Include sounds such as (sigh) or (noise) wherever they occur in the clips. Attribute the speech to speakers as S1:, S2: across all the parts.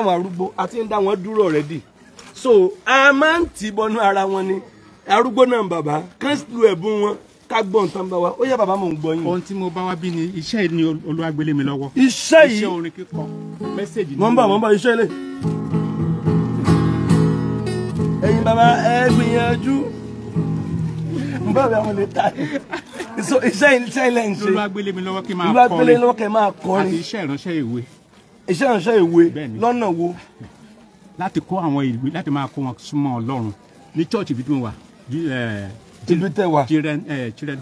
S1: àwọn arúgbó àti ń dá wọn dúró rẹ́dì so a máa ń tì bọnú ara wọn ni arúgbó náà bàbá kán lu ẹ̀bùn wọn ká gbọ́n tán bá wa ó yẹ bàbá mò ń gbọ́ yín. ohun tí mo bá wá bí ni iṣẹ́ yìí ni olúwagbélé mi lọ́wọ́. iṣẹ́ yìí iṣẹ́ orin kíkọ mẹ́sẹ̀gì ni. mọ̀ ń bọ̀ mọ̀ ń bọ̀ iṣẹ́ ilé. ẹ̀yin bàbá ẹ gbìyànjú báwo àwọn lè ta iṣẹ́ ilé ń ṣe. olúwagbélé mi lọ́wọ́ kí n máa kọrin olúwagbélé lọ́wọ́ kí máa kọrin. àti iṣẹ́ ìránṣẹ́ ìwé iṣẹ́ ìránṣẹ́ ìwé lọ́nà wo. láti kó àwọn ìwé láti máa kó wọn súnmọ́ ọlọ́run ní chọ́ọ̀chì bí tí mo wà ibi tẹ wa children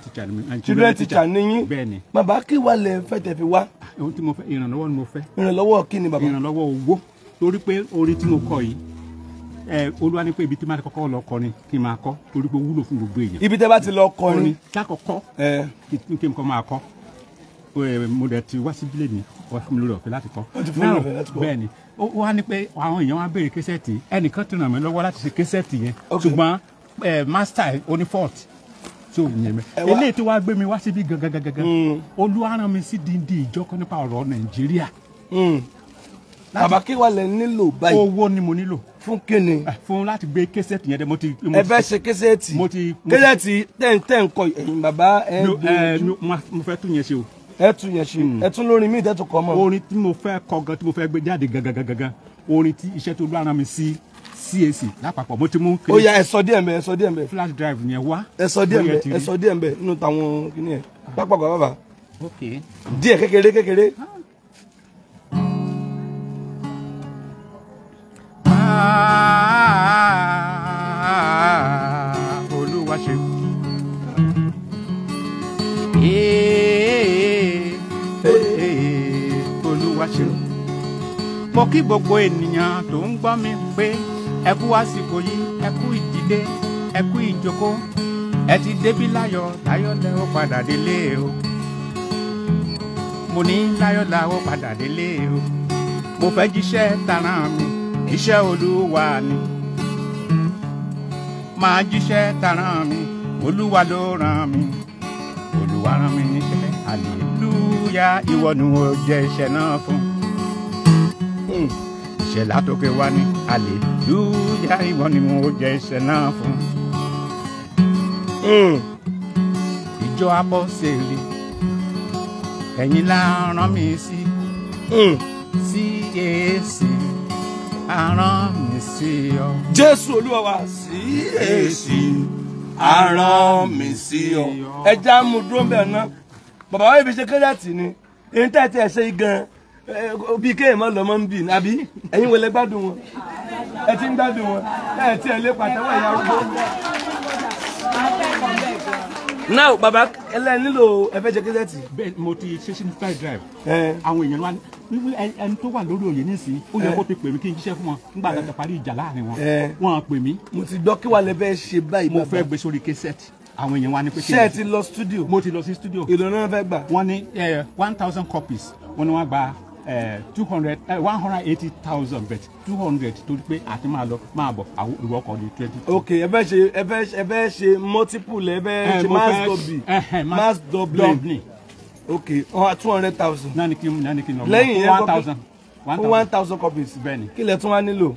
S1: teacher ni children teacher ni yín bẹ́ẹ̀ni. bàbá kí wàá lè fẹ́ tẹ̀ fi wá. Ah, ohun tí mo fẹ́ ìrànlọ́wọ́ ni mo fẹ́. ìrànlọ́wọ́ kí ni bàbá. ìrànlọ́wọ́ owó torí pé orin tí mo kọ yìí ẹ olúwa ni pé ibi tí máa kọ́kọ́ lọ kọrin kí n máa kọ torí pé ó wúlò fún gbogbo èèyàn. ibi tẹ bá ti lọ kọrin. kí a kọ kọ kí n kọ́ máa kọ mo dẹ̀ ti wá sí bílẹ̀ mi wọ́n fún mi lórí ọ̀fẹ́ láti kọ́ náà bẹ́ẹ̀ ni ó wá ní pé àwọn èèyàn wá béèrè késẹ́ẹ̀tì ẹnìkan ti ràn mí lọ́wọ́ láti ṣe késẹ́ẹ̀tì yẹn ṣùgbọ́n mástà oní fort tí ò yẹn mẹ eléyìí tó wá gbé mi wá síbi gangan gangan hmm. Olúwa rán mi sí dìndì ìjọkọ nípa ọ̀rọ̀ Nàìjíríà hmm. bàbá kí wàá lẹ nílò báyìí. owó ni mo nílò. fún kíni. fún láti gbé késẹ́ẹ̀tì yẹn dẹ mo ti. ẹ bẹ ṣe késẹ́ẹ̀tì. késẹ́ẹ̀tì tẹ̀ ń bàbá ẹ̀ ń gbé. mo fẹ́ tún yẹn ṣe o ẹ yẹn ṣe hmm. ẹ lórin míì tẹ́tù kọ́ mọ́. orin tí mo fẹ́ kọ gan tí mo fẹ́ gbé jáde gangan gangan orin tí iṣẹ́ tó lọ́ra mi sí CAC lápapọ̀ mo ti mú. ó yá ẹ díẹ̀ mbẹ ẹ díẹ̀ mbẹ. flash drive yẹn wá. ẹ díẹ̀ mbẹ ẹ díẹ̀ mbẹ nínú tàwọn kìnìún yẹn lápapọ̀ bàbá. ok díẹ̀ kékeré kékeré. Ah, olúwa ṣe. mo kí gbogbo ènìyàn tó ń gbọ́ mi pé ẹ kú àsìkò yìí ẹ kú ìdílé ẹ kú ìjókòó ẹ ti débí láyọ̀ láyọ̀ lẹ ó padà délé o mo ní láyọ̀ la ó padà délé o mo fẹ́ jíṣẹ́ tara mi iṣẹ́ olúwa ni máa jíṣẹ́ tara mi olúwa ló ràn mí olúwa ràn mí níṣẹ́ hallelujah ìwọ ni mo jẹ́ iṣẹ́ náà fún lẹ́yìn ìṣẹ̀ látòkè wá ní aleluya ìwọ ni mo jẹ ìṣẹ̀ náà fún. Hmm. ìjọ abọ́ sèrè ẹ̀yin la rán mi sí CAC hmm. arán mi sí ọ. jésù olúwa wa CAC arán mi sí ọ. ẹja mú dúró bẹ́ẹ̀ ná bàbá wa ibi ṣe kérésì ni èyí tẹ̀ tẹ̀ ṣe gan Eh, bí kéèyàn máa lọ́mọ ń bì ní àbí wọlé gbádùn wọn ẹ ti ń gbádùn wọn ẹ ti ẹ̀ lé pàtẹ́wọ̀ ẹ̀yà arúgbó. now baba ẹlẹ nílò ẹfẹ jẹ kẹsẹtì. bẹ́ẹ̀ mo ti ṣe sínú fly drive. àwọn èèyàn wa wíwí ẹni tó wà lórí òye nísìnyí ó yẹ kó ti pè mí kí n jíṣẹ́ fún wọn nígbà tó parí ìjà láàrin wọn wọn pè mí. mo ti gbọ́ kí wàá lẹ fẹ́ ṣe báyìí bàbá mo fẹ́ gbé sórí kẹsẹ̀tì àwọn èèyàn wa ní pé kí ni. ṣé ẹ ti lọ studio. mo ti lọ sí studio. ìlú náà fẹ́ gbà. wọ́n ní eh, one thousand copies wọ́n ní wọ́n gba Eh, two hundred eh, one hundred eighty thousand bet two hundred torí pé àti máa lọ máa bọ̀ àwọn ìwọ ọkọ̀ di twenty. ok ẹ fẹ́ ṣe ẹ fẹ́ ẹ fẹ́ ṣe multiple ẹ fẹ́ eh, ṣe mass double mass double ok two hundred thousand. nani kí nani kí n lọ lẹ́yìn yẹn one thousand one thousand copies bẹ́ẹ̀ ni kí lẹ tún wá nílò.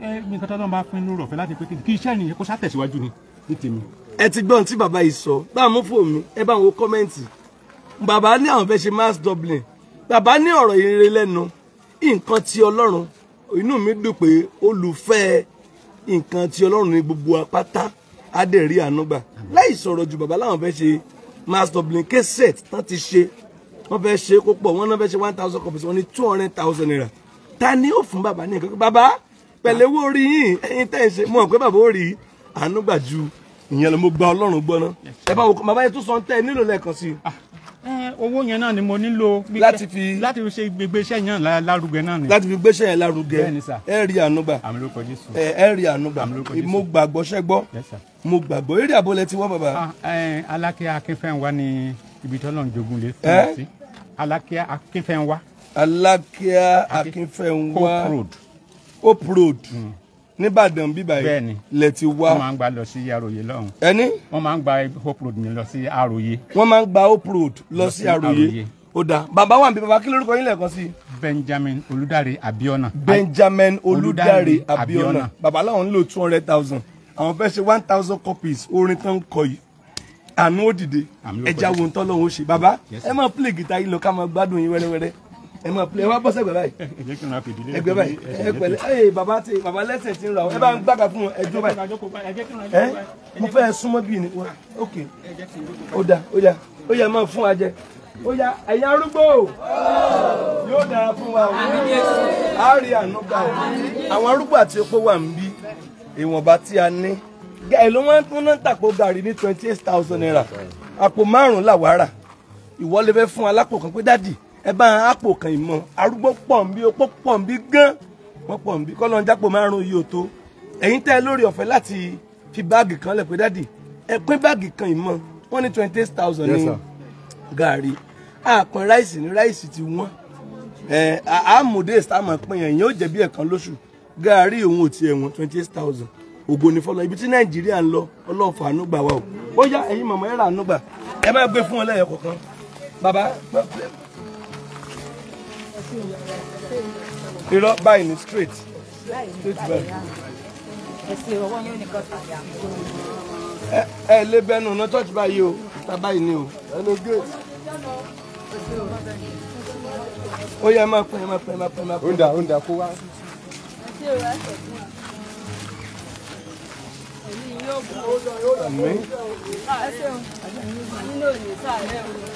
S1: ẹ mi kọ́tọ́ náà bá pín ní rọ̀fẹ́ láti pé kí iṣẹ́ nìyẹn kó sátẹ̀síwájú ni ní tèmi. ẹ ti gbọ́n tí bàbá yìí sọ bá a mú fóònù ẹ bá wọn kọ́mẹ́ǹtì bàbá ní àwọn fẹ́ ṣe mass doubling bàbá ní ọ̀rọ̀ ìrere lẹ́nu nǹkan ti ọlọ́run inú mi dùn pé olùfẹ́ nǹkan ti ọlọ́run ní gbogbo apáta adẹ̀rí ànúgbà láì sọ̀rọ̀ jù bàbá láwọn fẹ́ ṣe master blinke set tán ti ṣe wọ́n fẹ́ ṣe kó pọ̀ wọ́n náà fẹ́ ṣe one thousand copies wọ́n ní two hundred thousand naira ta ni ó fún bàbá ní nǹkan bàbá pẹ̀lẹ́wó orí yìí ẹ̀yin tẹ́ ẹ̀ ṣe mọ̀ pé bàbá ó rí ànúgbà ju ìyẹn lọ mo gba ọlọ́run gbọ́ náà ẹ bá wo bàbá yẹn tún sọ ń tẹ́ ẹ nílò lẹ́ẹ̀kan sí i. Eh, owó yẹn náà ni mo nílò. láti fi láti fi ṣe gbégbéṣẹ́ yẹn lárugẹ náà ni. láti fi gbéṣẹ́ yẹn lárugẹ bẹ́ẹ̀ ni sà ẹ rí ànúgbà àmì lórúkọ Jésù ẹ rí ànúgbà mo gbàgbọ́ ṣẹ́gbọ́ mo gbàgbọ́ eré àbọ̀lẹ̀ ti wọ́ bàbá. Ah, Aláké Akínfẹ́nwá ni ibi tí Ọlọ́run jogun lè fi sí Aláké Akínfẹ́nwá. Aláké Akínfẹ́nwá Hope Road. Hope Road. Mm nìbàdàn bíbà yìí lẹ ti wá. wọ́n máa ń gba lọ sí àròyé lọ́hùn. ẹni. wọ́n máa ń gba hope road mi lọ sí àròyé. wọ́n máa ń gba hope road lọ sí àròyé ó dáa bàbá wa ń bí bàbá kí lórúkọ yín lẹ́ẹ̀kan sí. benjamin olùdarí abiona. benjamin olùdarí abiona bàbá làwọn ń lò two hundred thousand àwọn fẹ́ ṣe one thousand copies orin tán ń kọ yìí àánú òdìdè ẹja wo ń tọ́ lọ́wọ́ ṣe bàbá ẹ máa play guitar yìí lọ ká máa gbádùn yín wẹ́rẹ́wẹ́rẹ́ ẹ máa pilẹ̀ ẹ wá bọ́ sẹ́gbẹ̀ẹ́ báyìí. (laughs) ẹgbẹ́ báyìí ẹ ẹ bàbá ti bàbá lẹ́sẹ̀ ti ń ra ẹ bá ń gbàgbà fún ẹ báyìí. ẹ mo fẹ́ súnmọ́ bíi ni wa ok ó da ó ya ó ya máa fún wa jẹ ó ya ẹ̀yin arúgbó yóò dára fún wa o á rí àánú gbà o àwọn arúgbó àti opó wà ń bí ìwọ̀nba tí a ní ẹ̀ ló wọ́n ń tàpó gàrí ní twenty eight thousand naira àpò márùn-ún làwárà ìwọ fẹ́ fún alápò pé dádì ẹ bá àpò kan ìmọ̀ arúgbó pọ̀ ń bí opó pọ̀ ń bí gán wọ́n pọ̀ ń bí kọ́ lọ́n jápò márùn yìí ò tó ẹ̀yin tẹ́ lórí ọ̀fẹ́ láti fi báàgì kan lẹ̀ pé dádì ẹ pín báàgì kan ìmọ̀ wọ́n ní twenty eight thousand ní gàárì àpọn ráìsì ní ráìsì ti wọ́n àmúdé sàmà pín yẹn yẹn ó jẹ́ bí ẹ̀kan lóṣù gàárì òun ò ti wọ́n twenty eight thousand ògo ní fọlọ́ ibi tí nàìjíríà ń lọ ọlọ́ọ̀fà ànúgbà wa o ó yá ẹ̀yin màmá ẹ̀ rà ànúgbà ẹ má gbé fún ọ lẹ́yọ̀ kọ̀ọ̀kan bàbá You irọ́ báyìí ni straight straight báyìí. ẹ̀sìn ọwọ́ yóò ní kọ́ta yà. ẹ ẹ lé bẹ́nu ọ̀nà church báyìí o ta báyìí ni o ẹnu gate. ó yẹ máa pẹ́ máa pẹ́ máa pẹ́ máa pẹ́. ó ń dà ó ń dà kó wá. Àmín. Nínú òní sáà lẹ́rù.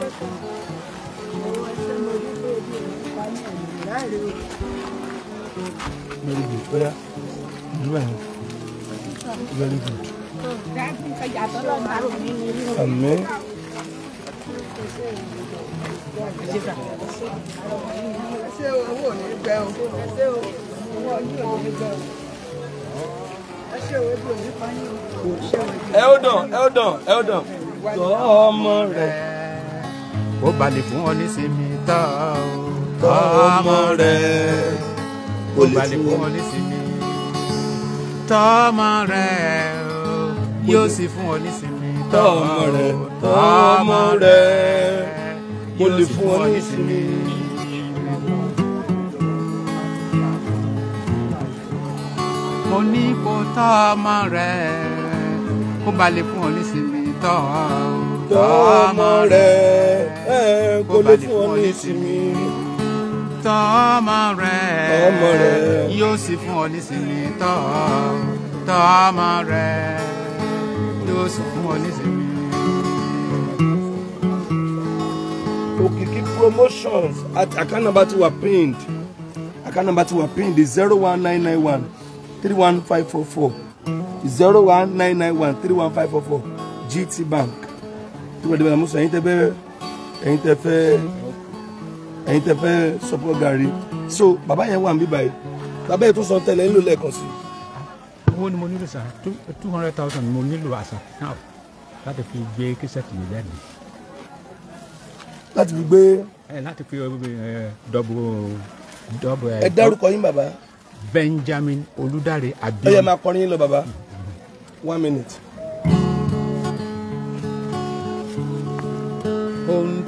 S1: Very good. Oya, ìlú Very good. Àmín. Ṣé owó ò ní gbẹ o? Ṣé owó ọdún ò ní kó ba lè fún ọ nísinmi tá o. tọ́ ọmọ rẹ kó ba lè fún ọ nísinmi. tọ́ ọmọ rẹ yóò sì fún ọ nísinmi. tọ́ ọmọ rẹ tọ́ rẹ mo lè fún ọ nísinmi. mo ní kó tọ́ rẹ kó ba fún ọ nísinmi tọ́ ọ gba ọmọ rẹ̀ kó lè fún ọ ní ìsinmi. tọ́ ọmọ rẹ̀ yóò sì fún ọ ní ìsinmi tọ́ tọ́ ọmọ rẹ̀ yóò sì fún ọ ní ìsinmi. Okiki promotions at account number tí wà pinned account number tí wà pinned is zero one nine nine one three one five four four zero one nine nine one three one five four four GT Bank tí wọ́n dẹ̀bẹ̀ a ẹ̀yin a fẹ́ ẹ̀yin tẹ́ fẹ́ ẹ̀yin tẹ́ fẹ́ support gàrí so bàbá yẹn wà ń bí báyìí bàbá yẹn tún san tẹ̀lé ńlò lẹ́ẹ̀kan sí. owó ni mo nílò sá two hundred thousand mo nílò àṣà náà láti fi gbé kíṣẹ́tì mi jáde. láti fi gbé. ẹ láti fi eh, dọ́bù dọ́bù ẹ. Eh, ẹ dárúkọ Benjamin Olúdáre Abíọ́dún. ó yẹ máa kọrin yín lọ bàbá one minute.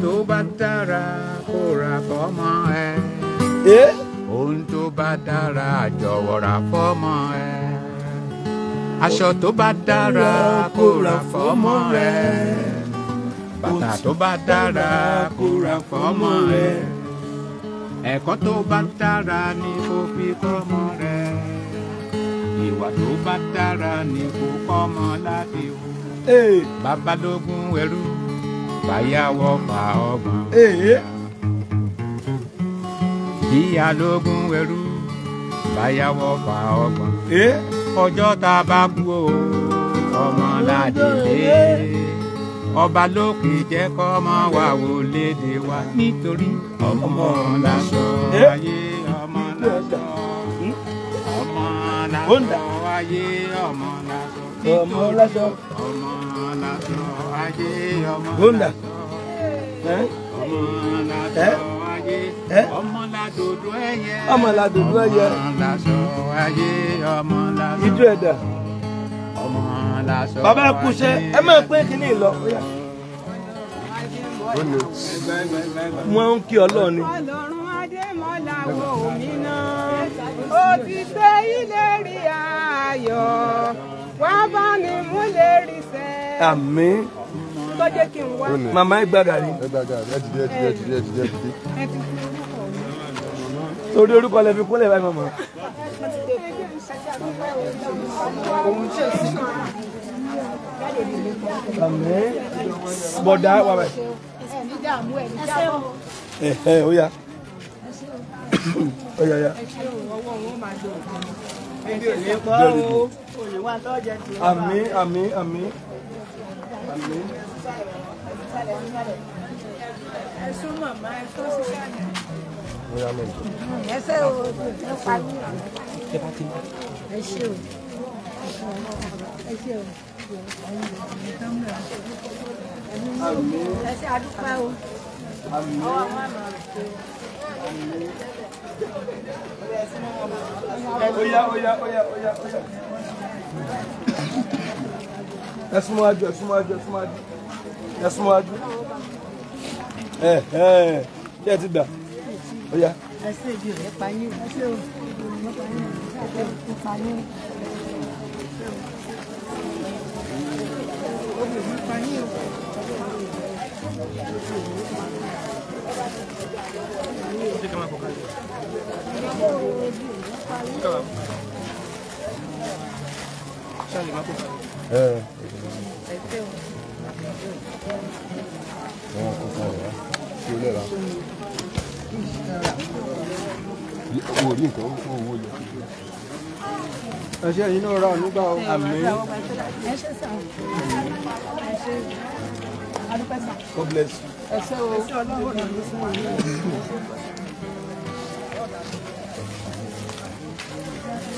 S1: tó bá ra fọ́mọ ẹ. ohun tó bá dára jọ̀wọ́ ra fọ́mọ ẹ. aṣọ tó bá dára kó ra fọ́mọ ẹ. bàtà tó bá dára kó ra fọ́mọ ẹ. ẹ̀kọ́ tó bá dára ni kó fi kọ́mọ rẹ. ìwà tó bá dára ni kó kọ́mọ láti wù. babalógun ẹrú fàyàwọ́ fà ọmọ bíyà lógún ẹrú fàyàwọ́ fà ọmọ ọjọ́ tá a bá kú o ọmọ ládìlé ọba lókè jẹ́ kọ́ ọmọ wa wò léde wa nítorí ọmọ lásán ayé ọmọ lásán ọmọ lásán ayé ọmọ ọmọ lásán ọmọ lásán ajé ọmọ lásán ọmọ lásán ajé ọmọ ládòdò ẹyẹ ọmọ ládòdò ẹyẹ ọmọ lásán ajé ọmọ lásán ijó ẹ̀dá ọmọ lásán bàbá kùsẹ ẹ máa pé kíní lọ wọ́n kí ọlọ́run ni. ọlọ́run adémọ́lá wo mi ó ti gbé ilé rí ayọ̀ wàá bá mi mú lè rí sẹ́. àmín. tó jẹ́ kí n wá. màmá ẹ gbàgà rí. ẹ gbàgà rí ẹ dìde ẹ dìde ẹ dìde ẹ dìde torí orúkọ lẹ fi kúnlẹ̀ báyìí màmá. àmín. bọ̀dá wà bẹ̀. ẹ ẹ ó yá ó yá yá. ẹ ṣe òwò wọn máa dọ̀ ọ́. ẹ ṣe pọ́ wá tó jẹ ti wá. àmín àmín àmín àmín. ẹ sún màmá ẹ tó sí káàdì. o ẹ parí. ẹ bá ti mú. ẹ ṣe o ẹ ṣe o. àmín. ẹ ṣe o. àmín. ọwọ́ àwọn àmà rẹ̀ ṣe. Oya, oya, oya, oya, oya ẹ súnmọ́ wájú ẹ súnmọ́ wájú ẹ súnmọ́ wájú ẹ súnmọ́ wájú ẹ ẹ ṣé ẹ ti gbà ó yá. ẹ ṣe èdè rẹ pa yín o ẹ ṣe o ìdòwò pa yín o obìnrin pa yín o. Thank you wọn kò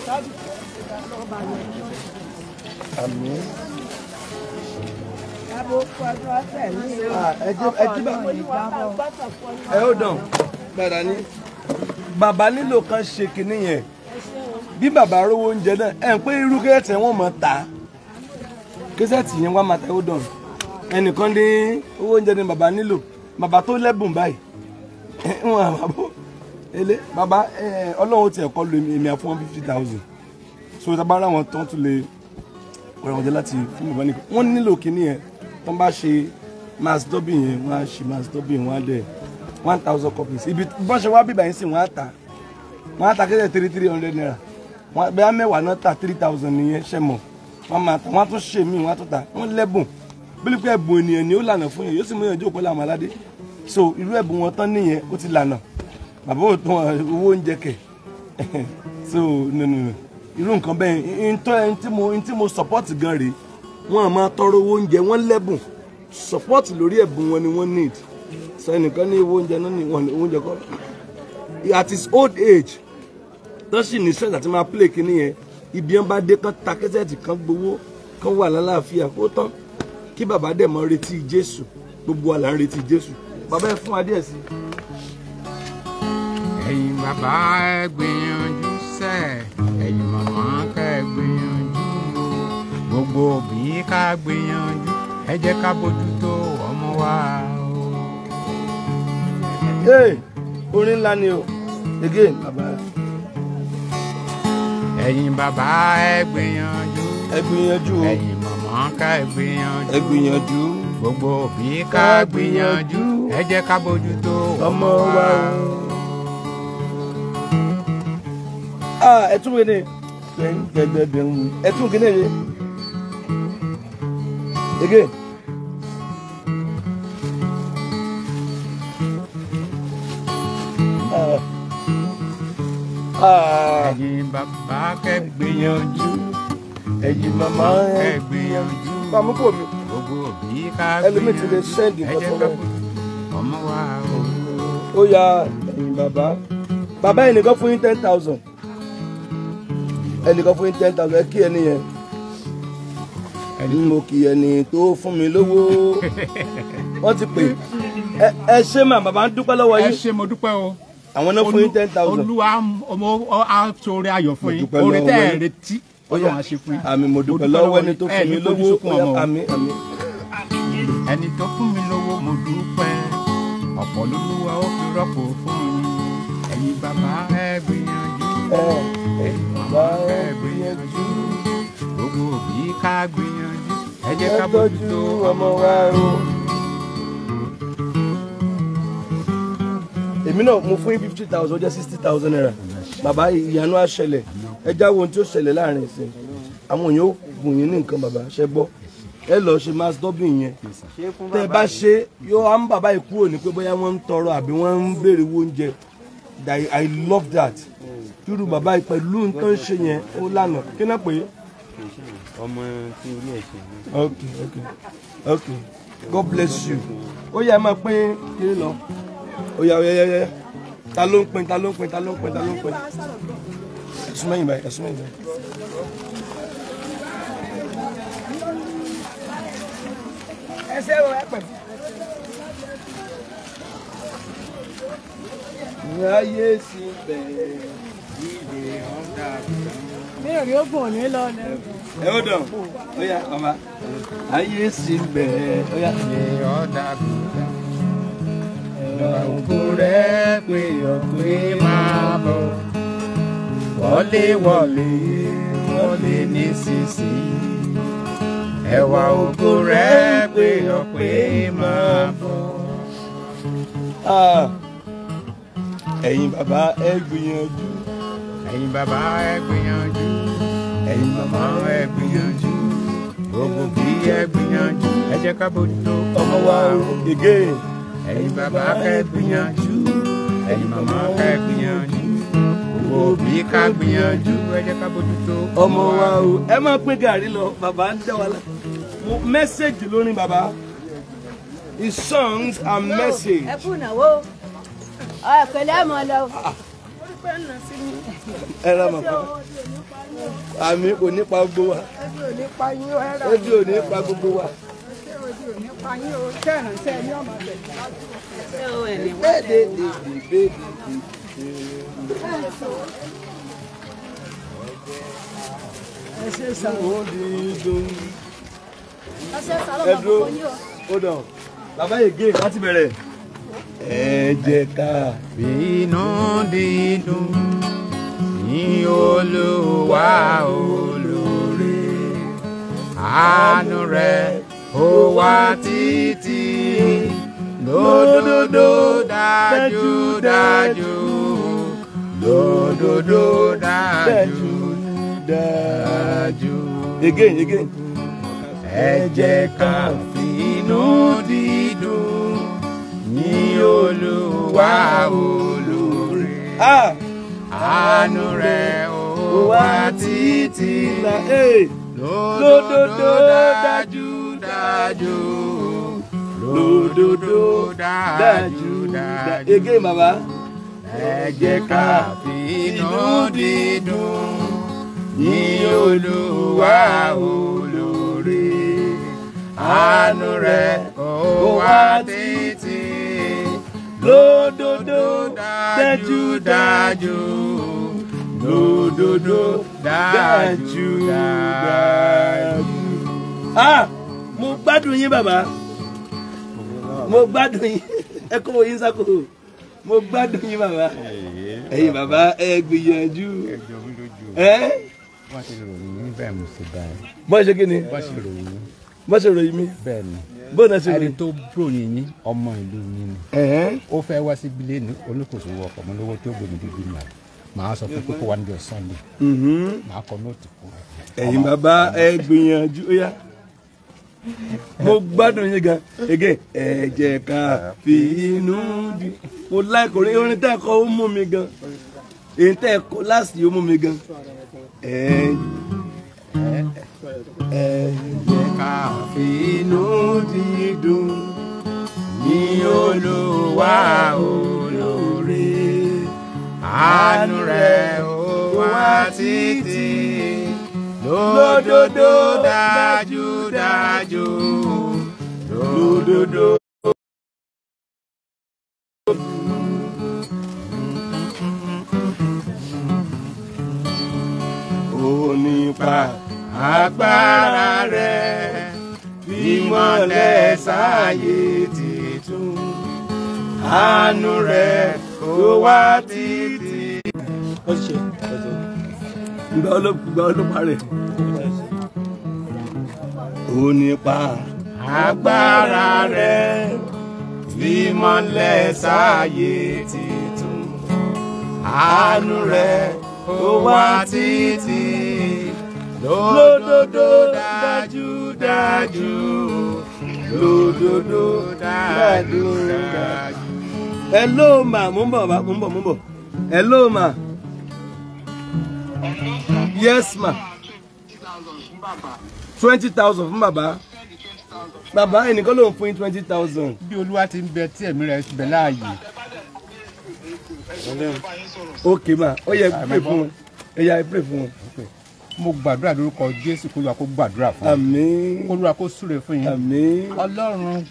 S1: Thank you àmín. ẹ ó dàn gbàdá ní bàbá nílò kan ṣe kinní yẹn bí bàbá rówó oúnjẹ náà ẹ̀ ń pé irú kẹ́sẹ̀tì wọn mọ̀ ta kẹ́sẹ̀tì yẹn wá máa ta ó dàn ẹnìkan dé owó oúnjẹ ni bàbá nílò bàbá tó lẹ́bùn báyìí wọn àbábọ̀ ele bàbá ọlọ́run tiẹ̀ kọ́ lu èmi àfọwọ́n fifty thousand so tábàárà wọn tán tún lè wẹ̀rọ̀jẹ́ láti fún bàbá nìkan wọ́n nílò kíní yẹn tó ń bá ṣe mass dubbing yẹn wọ́n á ṣe mass dubbing wọ́n á dẹ̀ one thousand copies ibi bọ́n ṣe wá bíbá yẹn sì wọ́n á ta wọ́n á ta kẹ́sẹ̀ three three hundred naira wọ́n bẹ́ẹ̀ mẹ́wàá náà ta three thousand nìyẹn ṣe mọ̀ wọ́n máa ta wọ́n á tún ṣe míì wọ́n á tún ta wọ́n lẹ́bùn bílí pé ẹ̀bùn ènìyàn ni ó lànà fún yẹn yóò sì mú yẹn jókòó làwọn aládé so irú ẹ̀bùn wọn tán nìyẹn ó ti lànà bàbá òtún owó oúnjẹ kẹ̀ (laughs) so no no no irú nǹkan bẹ́ẹ̀ ntọ́ ẹni tí mo tí mo support gan rèé wọ́n á máa tọrọ owó oúnjẹ wọ́n lẹ́bùn support lórí ẹ̀bùn wọn ni wọ́n need sọ ẹnìkan ní owó oúnjẹ náà ní oúnjẹ kọ́ at his old age tó sì ní stress àti máa play kínní yẹn ibi yẹn bá dé kán ta kẹ́sẹ̀tì kan gbowó kan wà lálàáfíà kó tán kí bàbá dẹ̀ mọ́ retí Jésù gbogbo wa là ń retí Jésù bàbá ẹ fún wa díẹ̀ sí i. ẹ̀yin bàbá ẹ gbìyànjú sẹ́ẹ̀. gbogbo òbí ká gbìyànjú ẹ jẹ́ ká bójútó ọmọ wa o. orin ńlá ni o again bàbá. ẹ̀yin bàbá ẹ gbìyànjú. ẹ gbìyànjú o. ẹ̀yin màmá ká ẹ gbìyànjú. ẹ gbìyànjú. gbogbo òbí ká gbìyànjú ẹ jẹ́ ká bójútó ọmọ wa o. Ah, ẹ tún wí ni ẹ tún wí ni. Again. ẹ̀yin bàbá kẹ́gbìyànjú ẹ̀yin màmá kẹ́gbìyànjú gbogbo òbí ká gbìyànjú ẹ̀jẹ̀ pẹ́kù ọmọ wa o. ó ya ẹ̀yin bàbá bàbá ẹnìkan fún yín ten thousand ẹnìkan fún yín ten thousand ẹ kí ẹni yẹn mo kì ẹni tó fún mi lówó wọ́n ti pè ẹ ṣé mà bàbá ń dúpẹ́ lọ́wọ́ yín. ẹ ṣé mo dúpẹ́ o àwọn náà fún yín ten thousand. olúwa ọmọ àtòrè ayọ̀ fún yín orí tẹ́ ẹ̀ retí ọlọ́run á ṣe fún yín. àmì mo dúpẹ́ lọ́wọ́ ẹni tó fún mi lówó àmì àmì. ẹni tó fún mi lówó mo dúpẹ́ ọ̀pọ̀ lolúwa ó fi rọ́pò fún mi ẹ̀yin bàbá ẹ gbìyànjú ẹ̀yin màmá ẹ gbìyànjú òbí ká gbìyànjú ẹ jẹ́ ká bójútó ọmọ wa o. èmi náà mo fún yín fifty thousand ó jẹ́ sixty thousand naira bàbá ìyanu àṣẹlẹ̀ ẹ jáwọ́ ohun tí ó ṣẹlẹ̀ láàrin ìsìn àwọn èèyàn ó gùn yín ní nǹkan bàbá ṣẹ gbọ́ ẹ lọ ṣe mass dubbing yẹn tẹ bá ṣe yóò á bàbá yìí kúrò ní pé bóyá wọ́n ń tọrọ àbí wọ́n ń béèrè oúnjẹ i love that irú bàbá yìí pẹ̀lú nǹkan ṣe yẹn ó lànà kí náà pé ọmọ tí o ní ẹ̀sìn mi. ok ok god bless you ó yẹ máa pín kiri lọ ó yà yẹyẹyẹ ta ló ń pín ta ló ń pín ta ló ń pín ta ló ń pín ẹsùn mẹ́yìn báyìí ẹsùn mẹ́yìn báyìí. ẹsẹ̀ rẹ̀ pẹ̀. ayé sí bẹ̀rẹ̀ ilé ọ̀dà bẹ̀rẹ̀. Béèrè ogun òní lọ lẹ́gùn. Ẹ ó dàn, ó yá ọmọ, ayé sì bẹ̀rẹ̀, ó yá. Ṣé ọ̀dà kò dá? Ẹ̀rọ òkú rẹ̀ pé ọ̀pẹ́ máa bọ̀. Wọlé wọlé, wọlé nísinsìnyí. Ẹ̀wà òkú rẹ̀ pé ọ̀pẹ́ máa bọ̀. Ah. Ẹ̀yin bàbá ẹ gbìyànjú ẹ̀yin bàbá ẹ gbìyànjú ẹ̀yin màmá ẹ gbìyànjú gbogbo bí ẹ gbìyànjú ẹ jẹ́ ká bójútó ọmọ wa o ege ẹ̀yin bàbá ẹ gbìyànjú ẹ̀yin màmá ẹ gbìyànjú gbogbo bí ká gbìyànjú ẹ jẹ́ ká bójútó ọmọ wa o ẹ máa pín gàrí lọ bàbá ń dá wa la mẹ́sẹ̀gì lórí bàbá his songs and message. ẹ kú ìnáwó ẹ pẹ̀lẹ́ mọ lọ. Ah, ah ẹ ra màmá àmì kò ní pa gbogbo wa ẹbí ò gbogbo wa. ẹ dúró hold on bàbá yìí gé láti bẹ̀rẹ̀ ẹ jẹ́ ká. bínú dídùn ní olúwa olóore àánú rẹ̀ ó wà títí lódodo dájúdájú lódodo dájúdájú. again again. ẹ jẹ́ ká fínú dídùn olúwa olóore àánú rẹ̀ ó wà títí lódodo dájú dájú lódodo dájú dájú. ege baba. ẹ jẹ́ ká fi inú dídùn ní olúwa olóore àánú rẹ̀ ó wà títí lódodo dájúdájú lódodo dájúdájú. ah mo gbádùn yín bàbá mo gbádùn yín ẹ kó yín sáko mo gbádùn yín bàbá ẹ̀yin bàbá ẹ gbìyànjú ẹ. bọ́n ṣe kí ni bọ́n ròyìn mi. bẹ́ẹ̀ ni bóna ṣe rí. ẹni tó búrò yín ọmọ ìlú yín ni. ó fẹ́ wá sí bílẹ̀ ní olùkóso ọkọ̀ mọ́ tí ó gbèmí dídí mà máa sọ fún kókó wa níbi ọ̀sán ni máa kọ nóòtù kú. ẹ̀yin bàbá ẹ gbìyànjú ó mo gbádùn yín gan ege ẹ ká fi inú di mo láìkò rí orin tẹ́ kọ ó mú mi gan èyí tẹ́ kọ láti ó mú mi gan. ẹ ẹ ẹ káfínú dídùn ní olúwa olóore àánú rẹ̀ ó wá títí lódodo dájúdájú lódodo. nípa agbára rẹ̀ ìmọ́lẹ̀ sáyé titun àánú rẹ̀ ó wá títí. ìgbà ọlọ́pàá rẹ̀ ó nípa agbára rẹ̀ ìmọ́lẹ̀ sáyé titun àánú rẹ̀ ó wá títí lódodo dájúdájú lódodo dáadúrà. hello ma mo ń bọ̀ ma mo ń bọ̀ mo ń bọ̀ hello ma. yes ma. twenty thousand fún bàbá bàbá ẹnìkan ló ń fún yín twenty thousand. bí olúwa ti ń bẹ tí ẹ̀mí rẹ̀ bẹ̀ láàyè. ok ma ó yẹ pray fún wọn ẹ yà pray fún wọn mo gbàdúrà lórúkọ jésù kó lóra kó gbàdúrà fún yín kó lóra kó súre fún yín ọlọ́run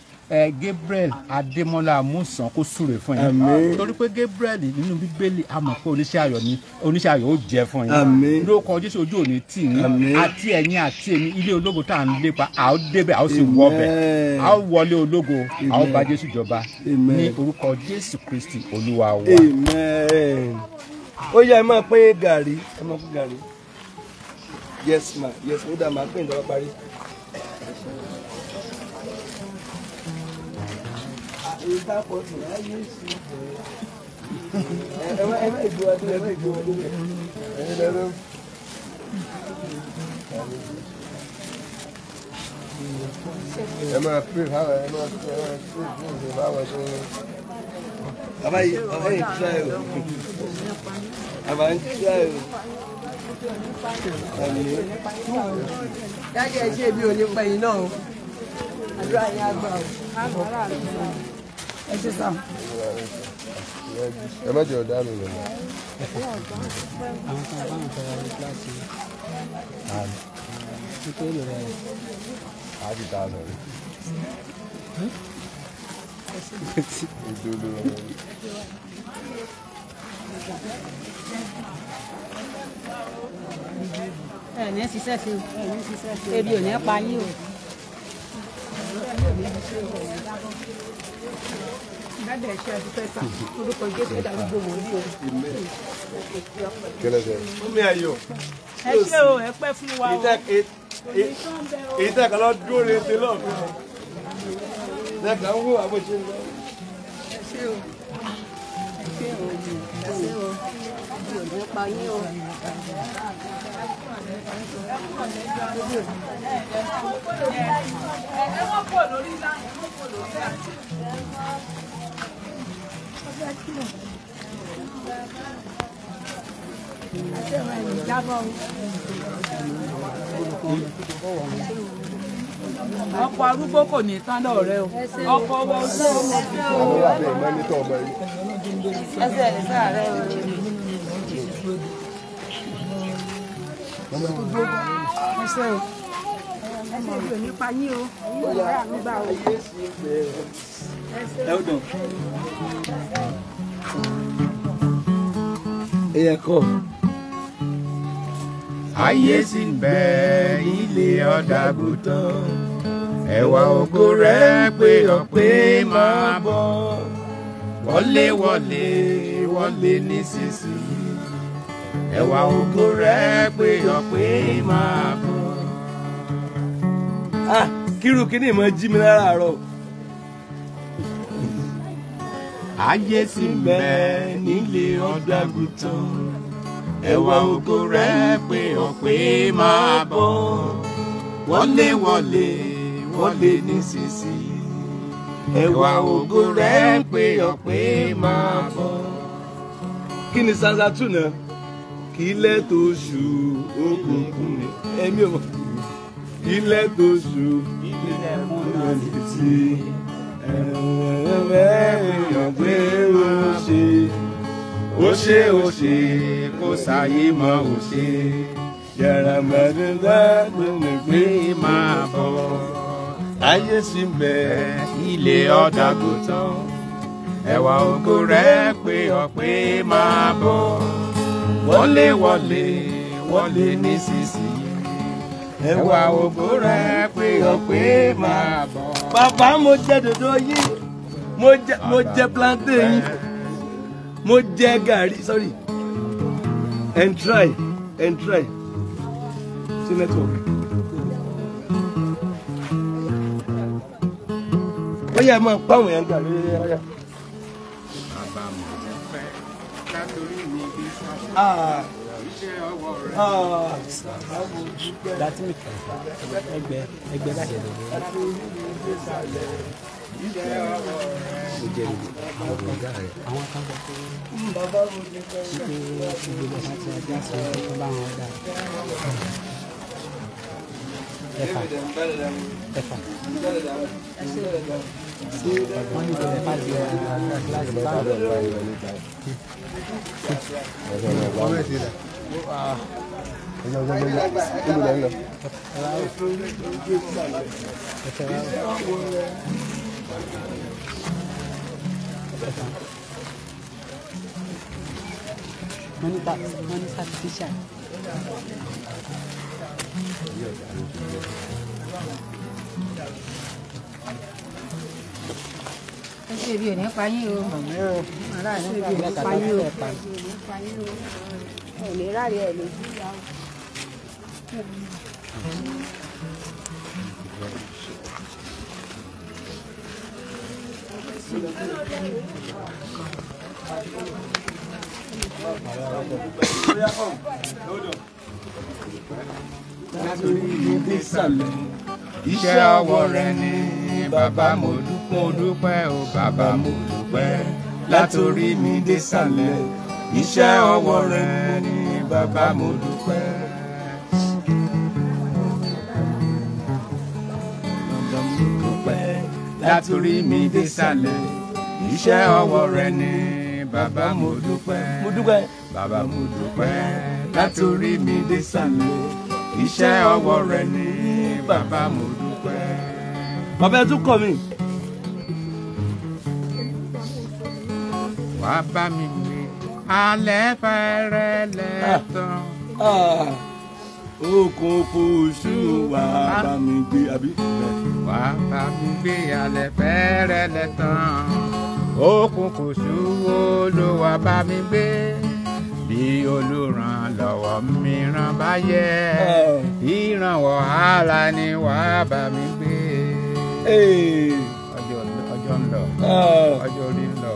S1: gabriel adémọlá amúsàn kó súre fún yín torí pé gabriel nínú bíbélì a mọ̀ pé oníṣẹ́ ayọ̀ ni oníṣẹ́ ayọ̀ ó jẹ́ fún yín lórúkọ jésù ojú òní tì yín àti ẹ̀yin àti èmi ilé ológo tá à ń lépa a ó débẹ̀ a ó sì wọ ọbẹ̀ a ó wọlé ológo a ó bá jésù jọba ní orúkọ jésù kristi olúwa wa. ó yẹ ẹ máa pín gàrí ẹ máa pín gàrí yes ma yes ó dà máa pè ní ọba parí. ìta pọ̀ sí i ayé sí i. ẹ má ìgbó wa tó ẹ má ìgbó wa tó bẹ̀. ẹ̀yin lọ́rọ́. ẹ máa pè fáwọn ẹ máa pè fáwọn tó ń. Bàbá yìí, bàbá yìí tíráyò. Bàbá yìí tíráyò dájú ẹ ṣe bí òní yìí náà o àdúrà yẹn àgbà o ẹ ṣe sàn. ẹ má jẹ ọ̀dà mi lọ. àwọn kan bá ń tọ́ra ní kíláàsì nítorí rẹ̀. a ti ta àná rẹ̀. ìdúró ló rọrùn ẹ ní ṣiṣẹ́ ṣe o ebi ò ní pa yín o. Omi ayọ̀. Ẹ ṣé o, ẹ pẹ́ fún wa o. Èyí tẹ̀ kọ́ lọ dúró lè ṣe lọ́ọ̀kan. Lẹ́ka ń wò àbòṣe lọ. Ẹ ṣé o, ẹ ṣé o ebi ò ní pa yín o. ọkọ̀ arúgbó kò ní tán lọ rẹ o ọkọ̀ ọwọ́ ojú ọmọ ẹsẹ̀ ẹ̀sẹ̀ rẹ o. ọmọ tó dúró bá ẹ ṣe o ẹ ṣe ìlú nípa yín o yóò rà mí o. ẹ ó dùn. ẹyẹ kọ. ayé sì ń bẹ ilé ọ̀dà àgùntàn ẹ̀wà ògo rẹ̀ pé ọ̀pẹ́ máa bọ̀ wọlé wọlé wọlé nísinsìnyí ẹwà ògo rẹ̀ pé ọ̀pẹ́ máa bọ̀. Ah, kírú kíní ìmọ̀ jí mi lára àárọ̀. ayé sì ń bẹ nílé ọ̀dọ́ àgùntàn ẹwà ògo rẹ̀ pé ọ̀pẹ́ máa bọ̀ wọlé wọlé wọlé nísinsìnyí ẹwà ògo rẹ̀ pé ọ̀pẹ́ máa bọ̀. kí ni sanza tù náà kílẹ̀ tó ṣù okùnkùn ni ẹ̀mí ò mọ̀ kílẹ̀ tó ṣù kílẹ̀ múná létí ẹ̀rẹ̀wẹ̀ èèyàn pé ó ṣe ó ṣe ó ṣe kó ṣàyè mọ́ ó ṣe yàrá gbàdúrà gbẹ̀mí pé máa bọ̀ ayé sì bẹ̀ ilé ọ̀dà kò tán ẹ̀wà oko rẹ̀ pé ọ̀ máa bọ̀ wọlé wọlé wọlé nísinsìnyí ẹwà ògbó rẹ pé ọ pé máa bọ̀. bàbá mo jẹ dòdò yìí mo jẹ mo jẹ plantain mo jẹ gàrí sorry and try and try see network. ó yẹ máa pa àwọn èèyàn gàrí ó yẹ. dátìmì ẹgbẹ ẹgbẹ láti ẹdọ mo jẹ ní àwọn ọgá rẹ àwọn akágbà tó ń bá bá mo jẹ pé gbogbo ọba tí a já sí ọjọ́ tó bá wọn dá ẹ̀fà ẹ̀fà wọ́n ní ìpínlẹ̀ fásitì ọ̀hún láti bá ọ̀rọ̀ ìgbà yìí. 我们谁的？啊，不要不要不要，不能的。好，谢谢。没事，没事，没事。明天，ṣe Iṣẹ́ ọwọ́ rẹ ni bàbá mo dùn mo dúpẹ́ o bàbá mo dúpẹ́ látòrí mi désàlẹ̀ iṣẹ́ ọwọ́ rẹ ni bàbá mo dúpẹ́. látòrí mi désàlẹ̀ iṣẹ́ ọwọ́ rẹ ni bàbá mo dúpẹ́. mo dúpẹ́. bàbá mo dúpẹ́ látòrí mi désàlẹ̀ iṣẹ́ ọwọ́ rẹ ni bàbá mo dúpẹ́. bàbá ẹ tún kọ mi. wá bá mi gbé alẹ́ fẹ́rẹ́ lẹ́tàn. Ah, ah. Oko kùsù wá bá mi gbé àbí. Wá bá mi gbé alẹ́ fẹ́rẹ́ lẹ́tàn. Oko kùsù wo ló wá bá mi gbé? Bí olùrànlọ́wọ́ mìíràn bá yẹ, ah. ìran wàhálà ni wá bá mi gbé. Eh. Ọjọ́ ń lọ, ọjọ́ orí ń lọ.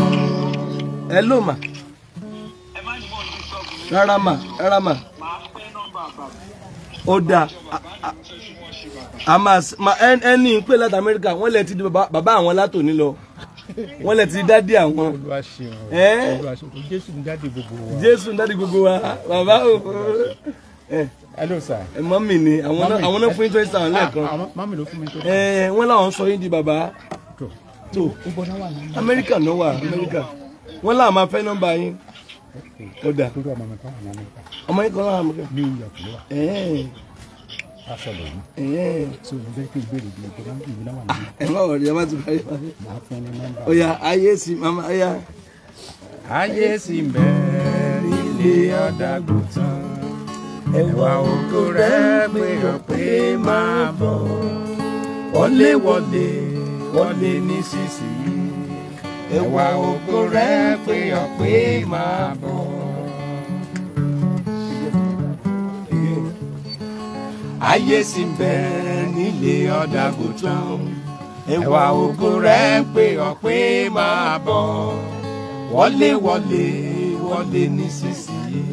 S1: ẹ ló mà. rárá mà rárá mà. ó dáa a máa ẹni ń pè láti amẹ́ríkà wọ́n lè ti di bàbá àwọn látòní lọ wọ́n lè ti di dádì àwọn. jésù ń dádì gbogbo wa. jésù ń dádì gbogbo bàbá o. Hello sir. ẹ ni àwọn náà fún yín twenty thousand lẹ́ẹ̀kan. Ah, ah, mọ́mì ló fún mi tó. ẹ wọ́n láwọn sọ yín di bàbá. tó amẹ́ríkà náà wà amẹ́ríkà wọ́n láà máa fẹ́ nọ́mbà yín ó dà ọmọ yín kan láà Amẹ́ríkà ní ìyá kò so mo fẹ́ kí n béèrè bí ìjọba ń bí náwà nínú. ẹ má wọlé ẹ má ti parí parí. màá fún ní nọ́mbà. ó ayé sí mama ó ayé sì bẹ̀rẹ̀ ilé ọ̀dàgùtàn ẹ̀wà ògo rẹ̀ pé hàn máa bọ̀ wọlé wọlé wọlé nísinsìnyí ẹwà ògo rẹ̀ pé ọ̀pẹ́ máa bọ̀. ayé sì bẹ̀rẹ̀ nílé Ọ̀dàgùtàn ẹwà ògo rẹ̀ pé ọ̀pẹ́ máa bọ̀ wọlé wọlé wọlé nísinsìnyí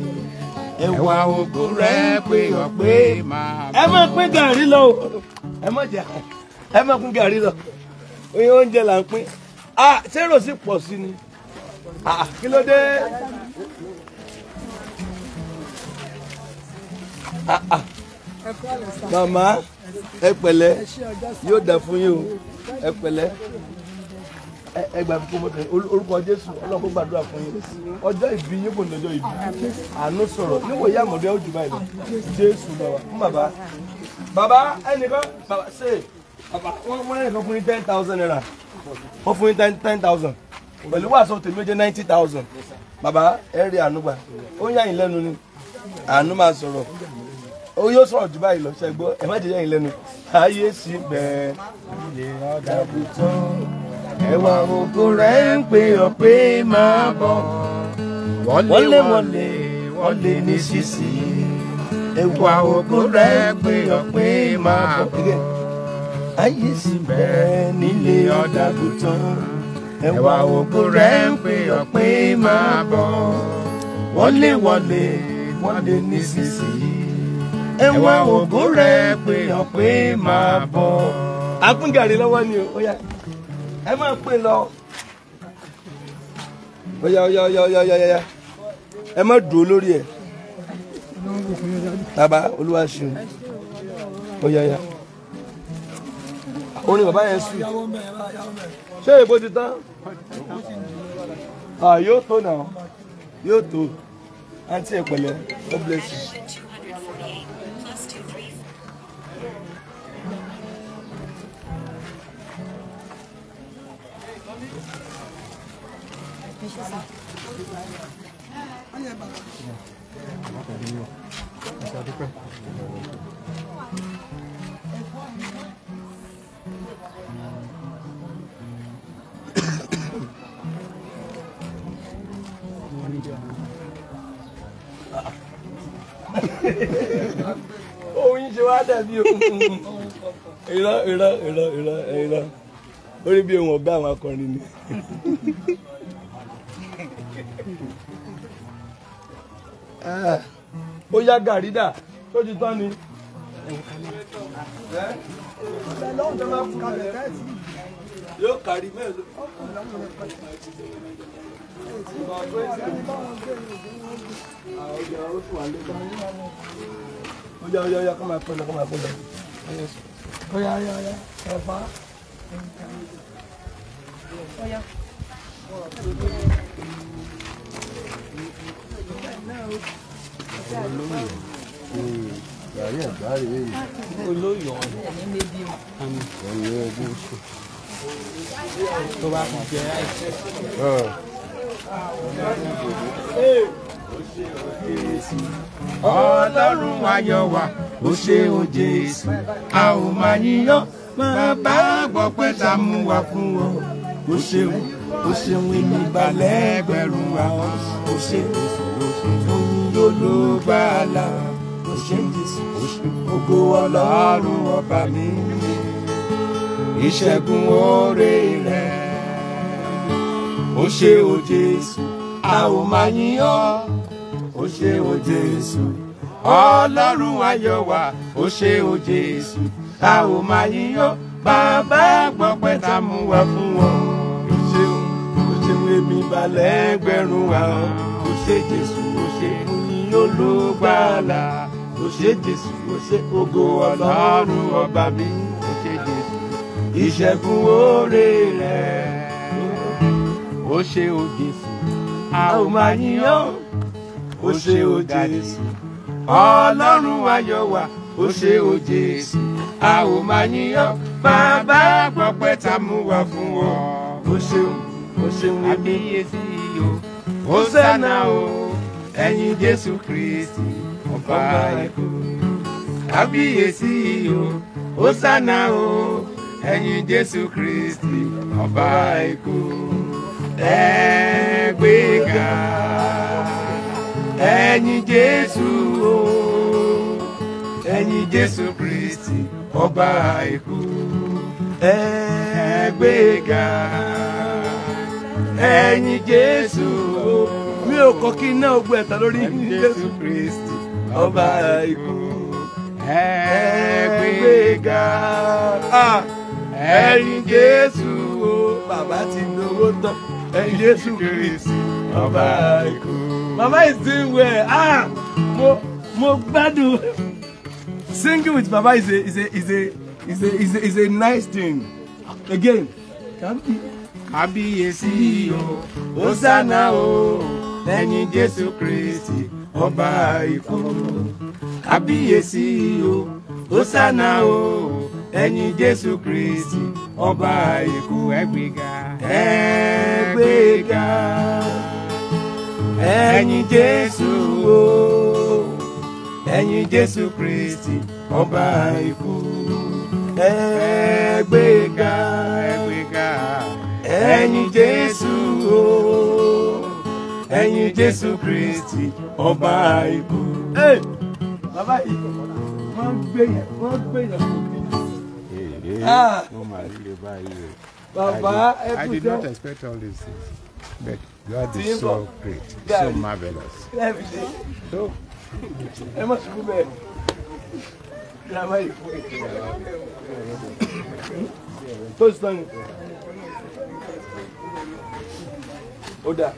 S1: ẹwà ògo rẹ̀ pé ọ̀pẹ́ máa bọ̀. ẹ má pín gàrí lọ ẹ má jẹ ẹ má pín gàrí lọ oyin oúnjẹ là ń pín ah zero sì pọ̀ sí ni ah kí ló dé ah ah màmá ẹ pẹ̀lẹ́ yóò dà fún yín o ẹ pẹ̀lẹ́ ẹ gbà fún mọ́tò orúkọ jésù ọlọ́run kó gbàdúrà fún yín ọjọ́ ìbí yín kò ní ọjọ́ ìbí àánú sọ̀rọ̀ níwòye àmọ̀dé ó jù báyìí lọ jésù lọ fún bàbá bàbá ẹnìkan bàbá ṣe wọ́n lè fún yín ten thousand naira wọ́n fún ten ten thousand pẹ̀lú wàásù tèmi ó jẹ́ ninety thousand Baba, ẹ rí àánú gbà ó ń yà yín lẹ́nu ni àánú máa sọ̀rọ̀ ó yóò sọ̀rọ̀ jù báyìí lọ ṣẹ́gbọ́ ẹ má jẹ́ yà yín ayé sí bẹ́ẹ̀. ẹwà ògo rẹ̀ ń pè ọ́ pé máa bọ̀ wọlé wọlé wọlé ní sísì ẹwà ògo rẹ̀ ń pè ọ́ pé máa bọ̀ ayé sì bẹ̀rẹ̀ nílé ọ̀dàgùtàn ẹ̀wà ògo rẹ̀ ń pè ọ̀pẹ́ máa bọ̀ wọlé wọlé wọlé nísinsìnyí ẹ̀wà ògo rẹ̀ pè ọ̀pẹ́ máa bọ̀. agúngàrí lọ́wọ́ ni o yá ẹ máa pè lọ. ọ̀yà ọ̀yà ọ̀yà ọ̀yà ọ̀yà ọ̀yà ẹ má dùn lórí ẹ̀ bàbá olúwa ṣeun ọ̀yà ọ̀yà orin bàbá yẹn sùn ṣé èbó ti tán ah, yóò tó náà yóò tó àǹtí ẹ pẹ̀lẹ́ God bless you. Thank you. ohun yìí ṣe wá dàbí irọ́ irọ́ irọ́ irọ́ irọ́ orí bí ohun ọ̀gá àwọn akọrin ni. ó yá gàrí dà tó ti tán ni. yóò kárí mẹ́rin. Oya, oya, oya, come on, pull it, come on, pull it. Yes. Oya, oya, oya, Papa. Oya. Olóyè ìgbàlè yìí. Olóyè ọ̀hún. Olóyè ọ̀hún. Tó bá kàn jẹ́ àìsí. ọlọ́run ayọ̀ wa ó ṣe o jésù a ò máa yíyan bàbá gbọ́ pé ta mú wa fún ọ ó ṣeun ó ṣeun èmi balẹ̀ ẹgbẹ̀rún àwọn ó ṣe òun yóò ló bá a ó ṣe jésù ògo ọlọ́run ọba mi ìṣẹ́gun oore rẹ̀ ó ṣe o Jésù a ó máa yìn ọ́ ó ṣe o Jésù ọlọ́run ayọ̀ wa ó ṣe o Jésù a ó máa yìn ọ́ bàbá gbọ́pẹ́ tá a mú wá fún wọn ó ṣe ó ṣe èmi balẹ̀ ẹgbẹ̀rún wa ó ṣe Jésù ó ṣe òyìn olùgbàlà ó ṣe Jésù ó ṣe ògo ọlọ́run ọba mi ó ṣe Jésù ìṣẹ́gun oore rẹ̀ ó ṣé o Jésù a ó máa yìn ọ́ ó ṣé o Jésù ọlọ́run ayọ̀ wa ó ṣé o Jésù a ó máa yìn ọ́ bàbá pọpẹ́ tá mú wá fún ọ ó ṣeun ó ṣeun àbíyèsí o ó sẹ́nà o ẹ̀yin Jésù Kristi ọba ẹ̀kọ́ àbíyèsí o ó sẹ́nà o ẹ̀yin Jésù Kristi ọba ẹ̀kọ́ ẹ gbéga ẹ̀yin Jésù o ẹ̀yin Jésù Kristi ọba ikú ẹ gbéga Jésù o mi ò kọ́ kí iná ogun ẹ̀ta lórí Jésù Kristi ọba ikú ẹ gbéga ah. Jésù o bàbá ti gbowó tán. Jésù Kristi ọba ikú. Mama is doing well. Ah, mo mo badu. Singing with Baba is a is a is a is a is a, is a nice thing. Again, Kabi. Kábíyèsí o, Hosanna o, lẹ́yìn Jésù Kristi ọba ikú. Kábíyèsí o, Hosanna o, lẹ́yìn Jésù Kristi ọba ikú ẹgbẹ̀ga ẹ gbéga ẹ̀yin Jésù o ẹ̀yin Jésù Kristi ọba ikú ẹ gbéga ẹ gbéga ẹ̀yin Jésù o ẹ̀yin Jésù Kristi ọba ikú. bàbá yìí wọ́n gbé yẹn wọ́n gbé yẹn kò kí. mo máa Baba, I, did, I did not expect all these things, but God is so great, so marvelous. So, I must go ó dáa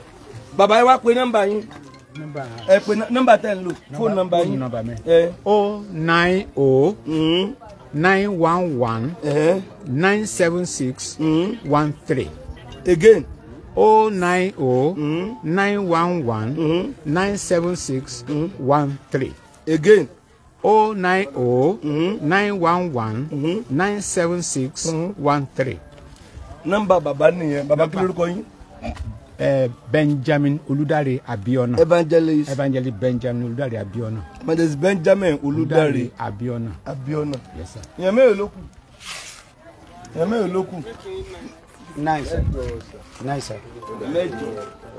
S1: bàbá yẹn wá pe nọ́mbà yín Number. pe nọ́mbà tẹ́ ń lò number. nọ́mbà yín ẹ o nine o. Mm-hmm nine one one eh? nine seven six hmm? one three. again. o oh nine o oh, nine one one hmm? nine seven six hmm? one three. again. o oh nine o nine one one nine seven six one three. Number, bàbá nìyẹn bàbá kí lórúkọ eh, benjamin olùdarí abiona. evangelist evangelist benjamin olùdarí abiona. evangelist benjamin olùdarí abiona. abiona yes sir. èèyàn mélòó ló kù èèyàn mélòó nine sir nine sir. mẹ́jọ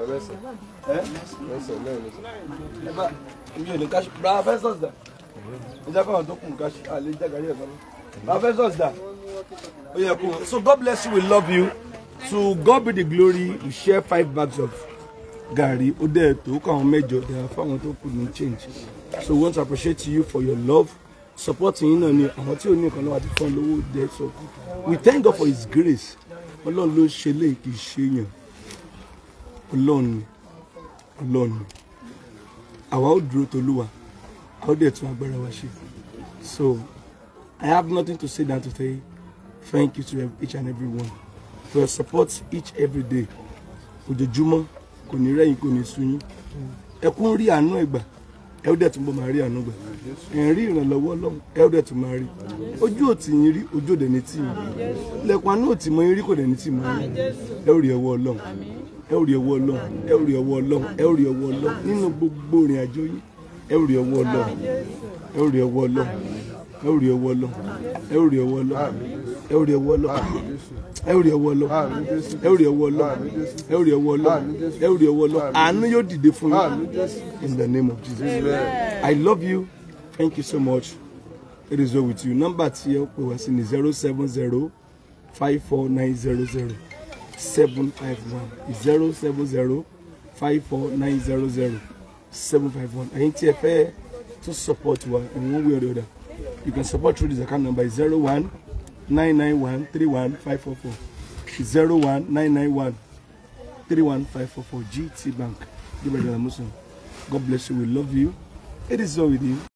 S1: ọlọsẹ ẹ ọlọsẹ mẹ́rin ẹ bá mi ò ní káṣí bra fẹsọs dà ìjà fáwọn tó kù káṣí àlejò àgàrí ẹ bá bá fẹsọs dà yẹ kó so god bless you we love you to God be the glory we share five bags of gari ó dẹ̀ tó káwọn mẹ́jọ dẹ̀ fáwọn tó kù ní change so we want to appreciate you for your love support yín náà ni àwọn tí ò ní nǹkan àti fún lówó dẹ̀ so we thank God for his grace ọlọ́run ló ṣe léyìí kì í ṣe yàn ọlọ́run ọlọ́run àwa ó dúró tolúwa a ó dẹ̀ tún agbára wa ṣe so I have nothing to say than to say thank you to each and every one to support each every day ojoojúmọ́ kò ní rẹ́yìn kò ní sú yín ẹkún rí àánú ẹ̀gbà ẹ ó dẹ̀ tún bọ́ máa rí àánú gbà ẹ̀ ń rí ìrànlọ́wọ́ ọlọ́run ẹ ó dẹ̀ tún máa rí ojú ò tì yín rí ojú òdẹ̀ ní tì yín lẹ́kùn àánú ò tì mọ́ yín rí kò dẹ̀ ní tì mọ́ yín ẹ ó rí ọwọ́ ọlọ́run ẹ ó rí ọwọ́ ọlọ́run ẹ ó nínú gbogbo ìrìn àjò yín ẹ ó rí ọwọ́ ọlọ́run ẹ ó rí ọwọ́ ọlọ́run ẹ ó rí ọwọ́ ọlọ́run ẹ ò rí ọwọ́ lọ ẹ ò rí ọwọ́ lọ ẹ ò rí ọwọ́ lọ ẹ ò lọ àánú yóò dìde fún yín in the name of Jesus I love you thank you so much it is well with you Number tí ẹ pè wá sí ni zero seven zero five four nine zero zero seven five one zero seven zero five four nine zero zero seven five one ẹ̀yin tí ẹ fẹ́ to support wa in one way or the other you can support through this account number zero one nine nine one three one five four four zero one nine nine one three one five four four GT Bank. God bless you. We love you. It is all with you.